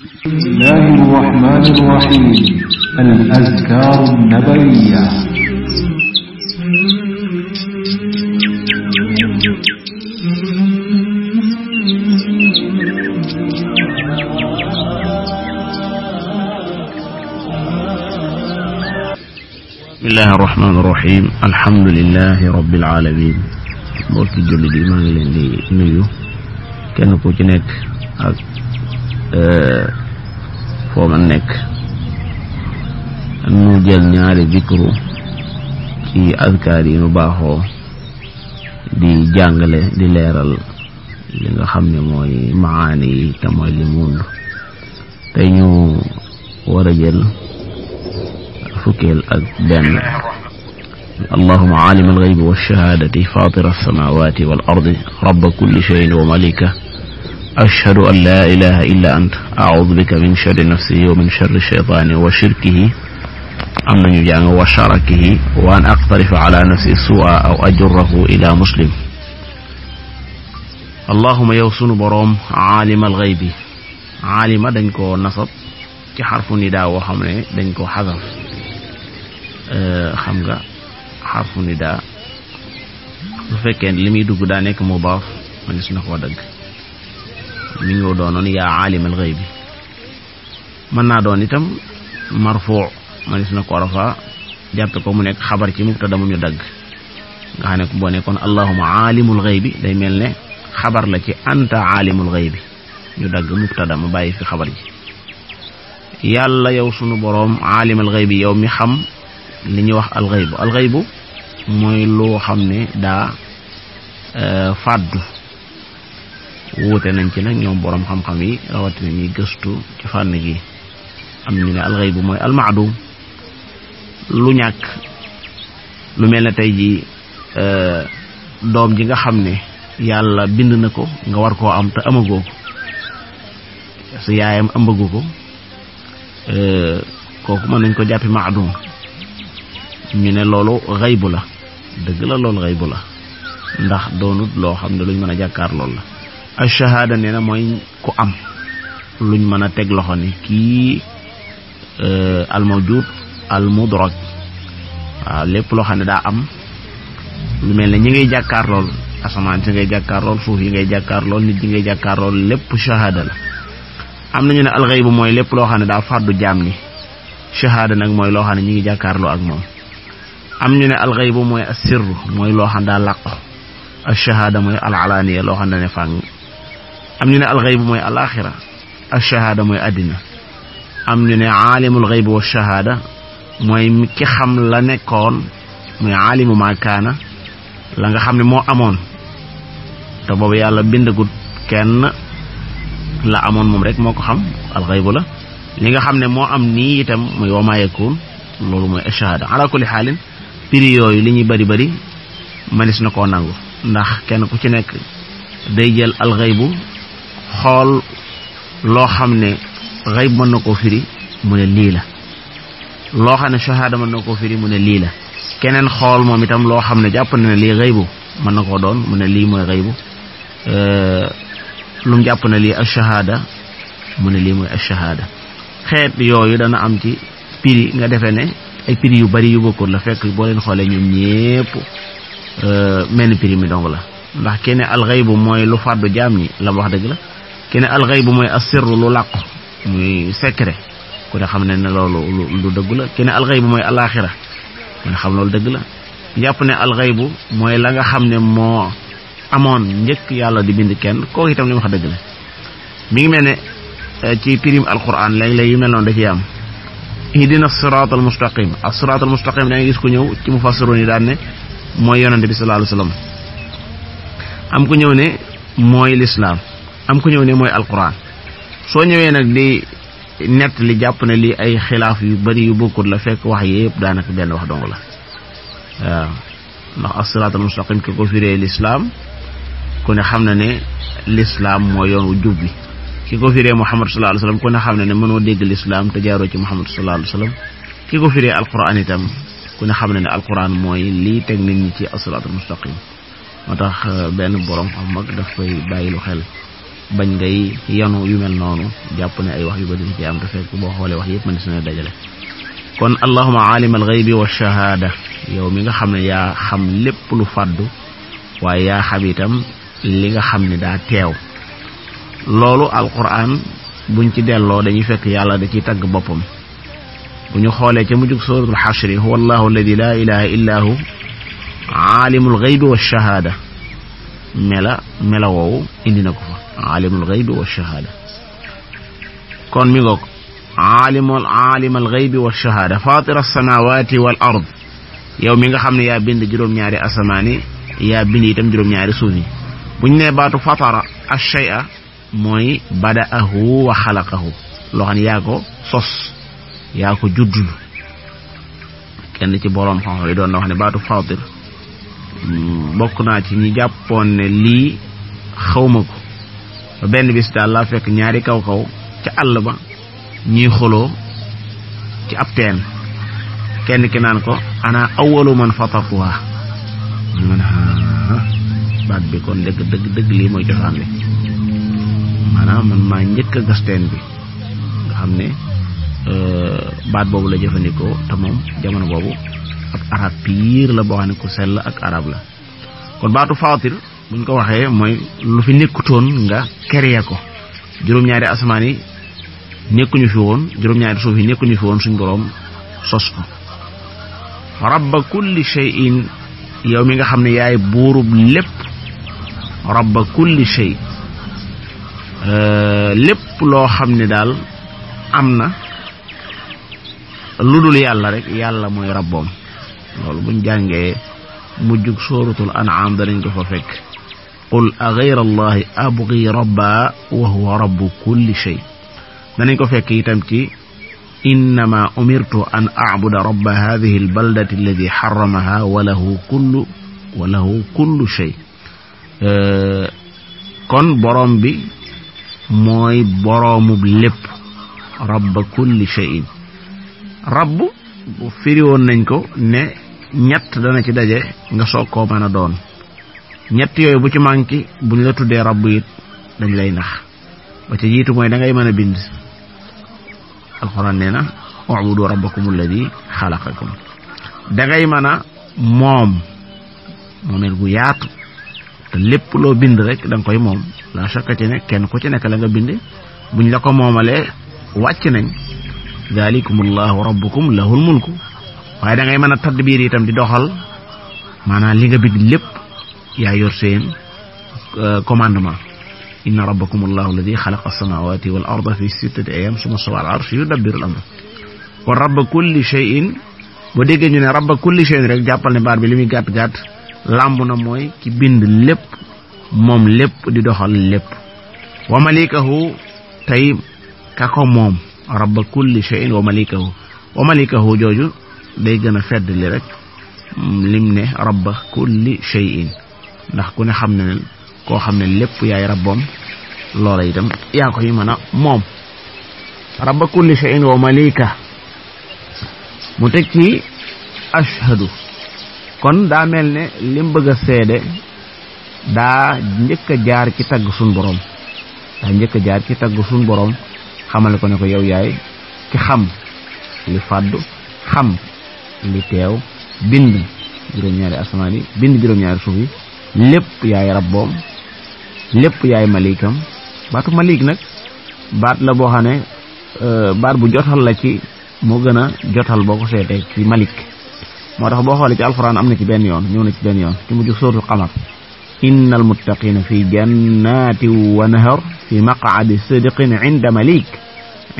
بسم الله الرحمن الرحيم الأذكار النبوية بسم الله الرحمن الرحيم الحمد لله رب العالمين mbokki jullit yi maa ngi leen di nuyu kenn ku ci nekk ak foo man nekk nu jël ñaari zikru ci azkaar yi nu baaxoo di jàngale di leeral li nga xam ni mooy maani yi te mooy li mu wund te ñu war a jël fukkeel ak benn اللهم عالم الغيب والشهادة فاطر السماوات والأرض رب كل شيء ومليكه ashhadu an laa ilaha illa ant aaudu bika min sharri nafsihi wa min sharri shaytaani wa shirkihi am nañu jàng wa sharakihi wa an aqtarifa ala nafsi su'a aw ajurrahu ila muslim allahuma yow sunu boroom aalimal xaybi aalima dañ ko nasab ci xarfu nidaa woo xam ne dañ ko xasal xam nga xarfu nidaa su fekkee li muy dugg daa nekk mudaaf manis na koo dëgg mi ngi doonoon yaa aalimal xëy bi naa doon itam marfuu manis na ko rafa jàppe ko mu nekk xabar ci mubtada mu ñu dagg nga xam ne boo nekkoon allahuma aalimul xëy bi day mel ne xabar la ci anta aalimul xëy ñu dagg mubtada bàyyi fi xabar ji yàlla yow sunu boroom alima xëy bi yow mi xam li ñuy wax alxëybu alxëybu mooy loo xam ne daa euh, fàddu wuute nañ ci nag ñoom boroom xam-xam yi rawatina ñuy gëstu ci fànn gi am ñu ne alxayb bu mooy almaadum lu ñàkk lu mel na tey ji euh, doom ji nga xam ne yàlla bind na ko nga war koo am te amagoo ko su yaayam ambagu ko euh, kooku mën nañ ko jàppi maadum ñu ne loolu xaybu la dëgg la loolu xaybu la ndax doonut loo xam ne luñ mën a jàkkaar loolu la al shahaada na mooy ku am luñ mën a teg loxo ni kii euh, al mawjud al lépp loo xam ne daa am lu mel ne ñi ngay jàkkaar lool asamaan si ngay yi ngay jàkkaar lool ñi ngay jàkkaar lépp shahaada la am nañu ne alxayb mooy lépp loo xam ne daa fàddu jaam ni shahaada nag mooy loo xam ne ñi ngi jàkkaarloo ak moom am ñu ne alxayb mooy asirru mooy loo xam daa làqu al shahaada mooy al alaaniya loo xam ne ne fàng am ñu ne alxaybu mooy alaxira alchahaada mooy àddina am ñu ne aalimul xayb wa shahaada mooy ki xam la nekkoon muy aalimu maa la nga xam ne moo amoon te boobu yàlla bindagul kenn la amoon moom rek moo ko xam alxaybu la li nga xam ne moo am nii itam muy wa yakuun loolu mooy achahaada ala kulli xaalin prix li ñuy bari bari mënees na koo nangu ndax kenn ku ci nekk day jël alxaybu xool loo xam ne xayb mën na koo firi mu ne lii la loo xam ne shahada man na koo firi mu ne lii la keneen xool moom itam loo xam ne jàpp na ne lii xaybu mën na koo doon mu ne lii mooy xaybu euh, lu jàpp na lii ashahada mu ne lii mooy ashahada xeet yooyu dana am ci prix nga defee ne ay piri yu bari yu bokkul la fekk boo leen xoolee ñoom ñépp euh, menn prix mi dong la ndax keneen kenn alxaybu mooy lu fàddu jaam ñi la wax dëgg la ki ne alxay bu mooy asirru lu làqu muy secret ku ne xam ne ne loolu lu dëgg la ki ne alxay bu mooy alaxira mu ne xam loolu dëgg la yàpp ne alxay bu mooy la nga xam ne moo amoon njëkk yàlla di bind kenn kooku itam li mu wax dëgg la mu ngi mel ne eh, ci pirim alquran léeg-léeg yu mel noonu da ciy am ihdina sirat al mustaqim as sirat al mustaqim da nga gis ku ñëw ci mufassiroon yi daan ne mooy yonente bi sallallahu alayhi wasallam am ku ñëw ne mooy lislaam am ku ñëw ne mooy alquran soo ñëwee nag di nett li jàpp ne lii ay xilaaf yu bari yu bokkut la fekk wax yëpp daanaka benn wax dong la waaw ndax asiraatal mustaqim ki ko firee lislaam ku ne xam na ne lislaam moo yoon wu jub bi ki ko firee muhammad sallallahu alayhi wasallam ku ne xam na ne mënoo dégg lislaam te jaaroo ci muhammad sallallahu alayhi wasallam ki ko firee alquran ne xam na ne alquran mooy lii teg nit ñi ci asiraatal mustaqim moo tax benn borom xam mag daf koy bàyyi lu bañ ngay yanu yu mel noonu jàpp ne ay wax yu bari ci am te fekk boo xoolee wax yëpp mën na suna dajale kon allahuma aalim alxaybi wa shahaada yow mi nga xam ne yaa xam lépp lu fàddu waaye yaa xam itam li nga xam ni daa teew loolu alquran buñ ci delloo dañuy fekk yàlla da ciy tagg boppam bu ñu xoolee ca mu suratul xashri huwa allahu alladi laa ilaha illa hu aalimul xaybi wa shahaada mela mela woowu indi na ko fa alimul xaybi wa shahaada kon mi ngoog alimul alimal xaybi wa shahaada fatira samawati wal ard yow mi nga xam ne yaa bind juróom-ñaari asamaani yaa bind itam juróom-ñaari suuf yi buñ ne baatu fatara ashay'a mooy bada'ahu wa xalaqahu loo xam ne yaa ko sos yaa ko juddul kenn ci boroom xam-xam yi doon na wax ne baatu fatir bokk naa ci ñi jàppoon ne lii xawma ko benn bis laa fekk ñaari kaw kaw ca àll ba ñuy xoloo ci ab teen kenn ki naan ko ana awalu man fatartuha man man baat bi kon dëgg dëgg dëgg lii mooy cosaan li maanaam man maa njëkk a gas bi nga xam ne euh, baat boobu la jëfandikoo te jamono boobu ab arab piir la boo xam ne ku sell ak arab la kon baatu faatir buñ ko waxee mooy lu fi nekkutoon nga créé ko juróom-ñaari asamaan yi nekkuñu fi woon juróom-ñaari suuf yi nekkuñu fi woon suñ boroom sos ko rabba kulli shay'in yow mi nga xam ne yaay buurub lépp rabba kulli shay euh, lépp loo xam ne daal am na lu dul yàlla rek yàlla mooy rabboom loolu buñ jàngee mujjug sooratul an'am danañ ko fa fekk qul a gayra abgi rabba wa huwa rabbu kulli shay danañ ko fekk itam ci innama umirtu an acbuda rabba hadihi albaldati alladi xaramaha wa lahu kullu wa lahu kon boroom bi mooy boroomub lépp rabba kulli shayin rabb firi woon nañ ko ne ñett dana ci daje nga soog koo mën a doon ñett yooyu bu ci manqué buñ la tuddee rabb it dañ lay nax ba ca jiitu mooy da ngay mën a bind alxuraan nee na ubudu rabbakum alladi xalaqakum da ngay mën a moom moomeel gu yaatu lépp loo bind rek da koy moom la shakka ci ne kenn ku ci nekk la nga bind buñ la ko moomalee wàcc nañ dalikum allahu rabbukum lahul mulku waaye da ngay mën a tadbiir itam di doxal maanaam li nga bind lépp yaa yor seen euh, commandement inna rabbakum allahu alladi xalaqa alsamawati wal arda fi sittati ayyam suma stawa al arsh yudabbiru al amr kon rabba kulli shay'in boo déggee ñu ne rabba kulli shay'in rek jàppal ne baat bi li muy gàtt gàtt làmb na mooy ki bind lépp moom lépp di doxal lépp wa malikahu tey ka ko moom rabba kulli shay'in wa malikahu wa jooju day gën a fedd li rek mm, lim ne rabba kulli shay'in ndax ku ne xam ne ne koo xam ne lépp yaay rabboom loola itam yaa koy mën a moom rabba kulli shay'in wa malika mu teg ci ashhadu kon daa mel ne lim bëgg a seede daa njëkk jaar ci tagg sun borom daa njëkk jaar ci tagg sun borom xamal ko ne ko yow yaay ki xam li fàddu xam li teew bind juróom-ñaari asamaan yi bind juróom-ñaari suuf lépp yaay rabboom lépp yaay malikam baatu malik nag baat la boo xam ne euh, baat bu jotal la ci moo gën a jotal boo ko seetee ci malik moo tax boo xoolee ci alxuraan am na ci benn yoon ñëw na ci benn yoon ci mujj sóotul xamar innal muttaqina fi jannaati wa nahar fi maqaadi sidqin inda malik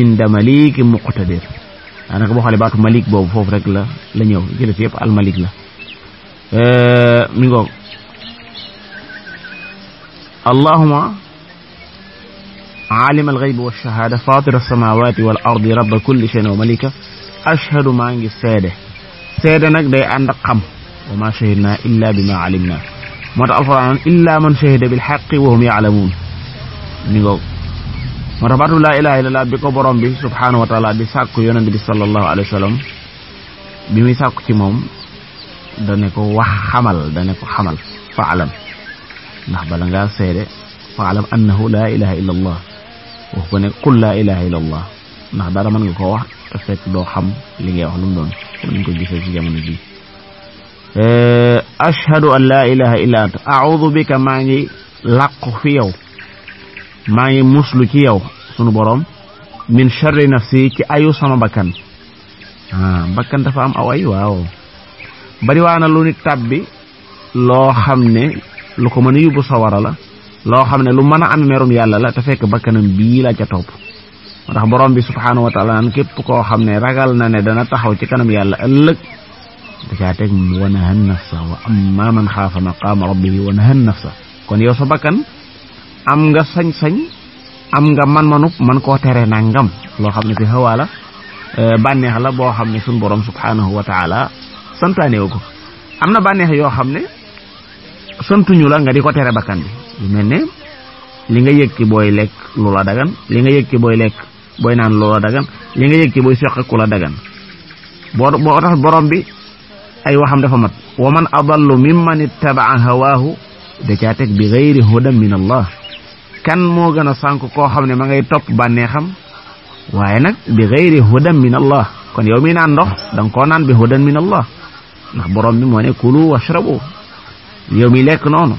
inda malik muqtadir daanaka boo xoolee baatu malik boobu foofu rek la la ñëw jële si yëpp al malik la mi ngoog allahuma عالم الغيب والشهادة فاطر السماوات والأرض رب كل شيء ومليكه أشهد ما ngi seede seede nag day ànd ak xam wa ma shahidna illa bima alimna moo tax alquran illa man shahida bilxaqi wa hum yaalamuun mi ngoog moo tax baatu laa ilaha illallah bi ko borom bi subhanahu wa taala di sàkku yonent bi sallallahu alayhi wa sallam bi muy sàkku ci moom dane ko wax xamal dane ko xamal faalam ndax bala ngaa seede faalam annahu laa ilaha illa allah wax ko ne qul laa ilaha illa allah ndax dara mën nga koo wax te fekk doo xam li ngay wax lu mu doon comme ni ñu ko gisee ci jamono ji eh, ashhadu an laa ilaha illa anta a'udhu bika maa ngi làqu fi yow maa ngi mus lu ci yow sunu borom min sharri nafsi ci ayu sama bakkan ah bakkan dafa am aw ay waaw bariwaana lu nit tàbbi loo xam ne lu ko mën a yóbbu sawara la loo xam ne lu mën a am merum yàlla la te fekk bakkanam bii la ca topp moo ndax borom bi subhaanahu wa taala naan képp koo xam ne ragal na ne dana taxaw ci kanam yàlla ëllëg da teg mu wa nahan nafsa wa amma man xaafa maqaama rabbihi wa nahan nafsa kon yow sa bakkan am nga sañ-sañ am nga man-manub man koo tere nangam loo xam ne si xawaa la euh, bànneex la boo xam ne suñ borom subhanahu wa taala santaanewu ko am na bànneex yoo xam ne santuñu la nga di ko tere bakkan bi lu mel ne li nga yëg ci booy lekk lu la dagan li nga yëg ci booy lekk booy naan lu la dagan li nga yëg ci booy seq ku la dagan boo tax borom bi ay waxam dafa mat wa man adallu mimman ittabaa hawaahu da caa teg bi gayri hudan min allah kan moo gën a sànk koo xam ne ma ngay topp bànneexam waaye nag bi gayri hudan min allah kon yow mi naan ndox danga ko naan bi hudan min allah ndax borom mi moo ne kulu washrabu yow mi lekk noonu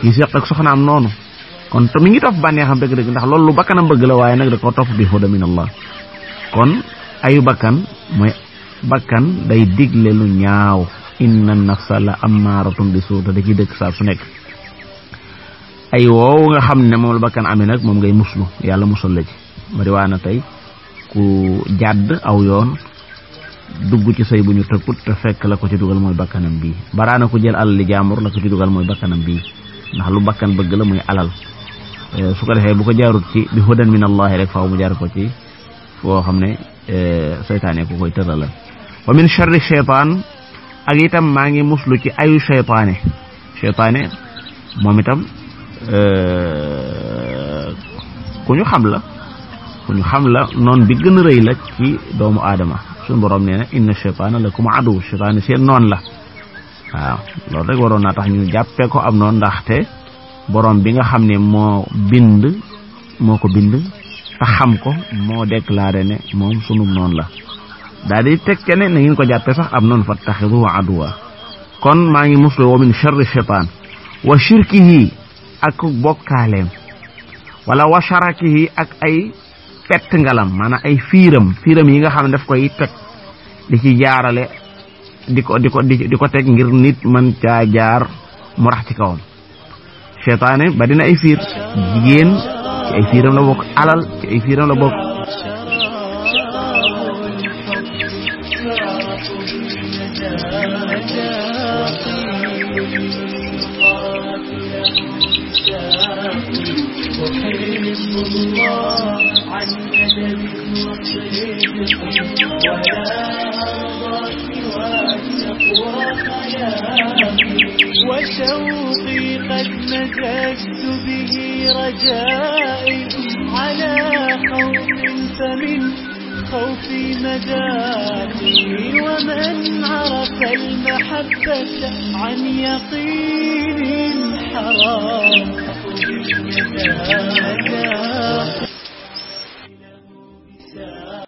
kii seq ak soxnaam noonu kon to mi ngi topp bànneexam dëgg-dëgg ndax loolu lu bakkanam bëgg la waaye nag da koo topp bi hudan min allah kon ayu bakkan mooy bakkan day digle lu ñaaw inna nafsa la amaaratun bi suuta da ciy dëkk saa su nekk ay woowu nga xam ne moom la bakkan amee nag moom ngay muslu yàlla musal la ci bari waa na tey ku jàdd aw yoon dugg ci sëy bu ñu tëkkut fekk la ko ci dugal mooy bakkanam bii baraana ku jël alal li jaambur la ko ci dugal mooy bakkanam bii ndax lu bakkan bëgg la muy alal eh, su ko defee bu ko jaarut ci bi hudan min allahi rek faaw mu jaar ko ci foo xam ne eh, seytaane ku koy tëralal wa min charri cheytaan moom itam Euh, ku ñu xam la ku xam la noon bi gën a rëy la ci doomu aadama suñu borom nee na inna cheytaana lakum aduw cheytaani seen noon la waaw loolu rek waroon naa tax ñu jàppee ko am noon ndaxte borom bi nga xam ne moo bind moo ko bind te xam ko moo déclaré ne moom sunu noonu la daal di teg ne na ngeen ko jàppee sax am noonu fattaxiduhu aduwa kon maa ngi muslu wa min charri cheytaan wa shirkihi ak bokkaaleem wala yi ak ay fett ngalam maanaam ay fiiram fiiram yi nga xam ne daf koy teg di ci jaarale di ko di ko di ko teg ngir nit mën caa jaar mu rax ci kawam seytaane ba dina ay fiir jigéen ci ay fiiram la bokk alal ci ay fiiram la bokk كلامي وشوقي قد مزجت به رجائي على خوف فمن خوفي مدافي ومن عرف المحبة عن يقين حرام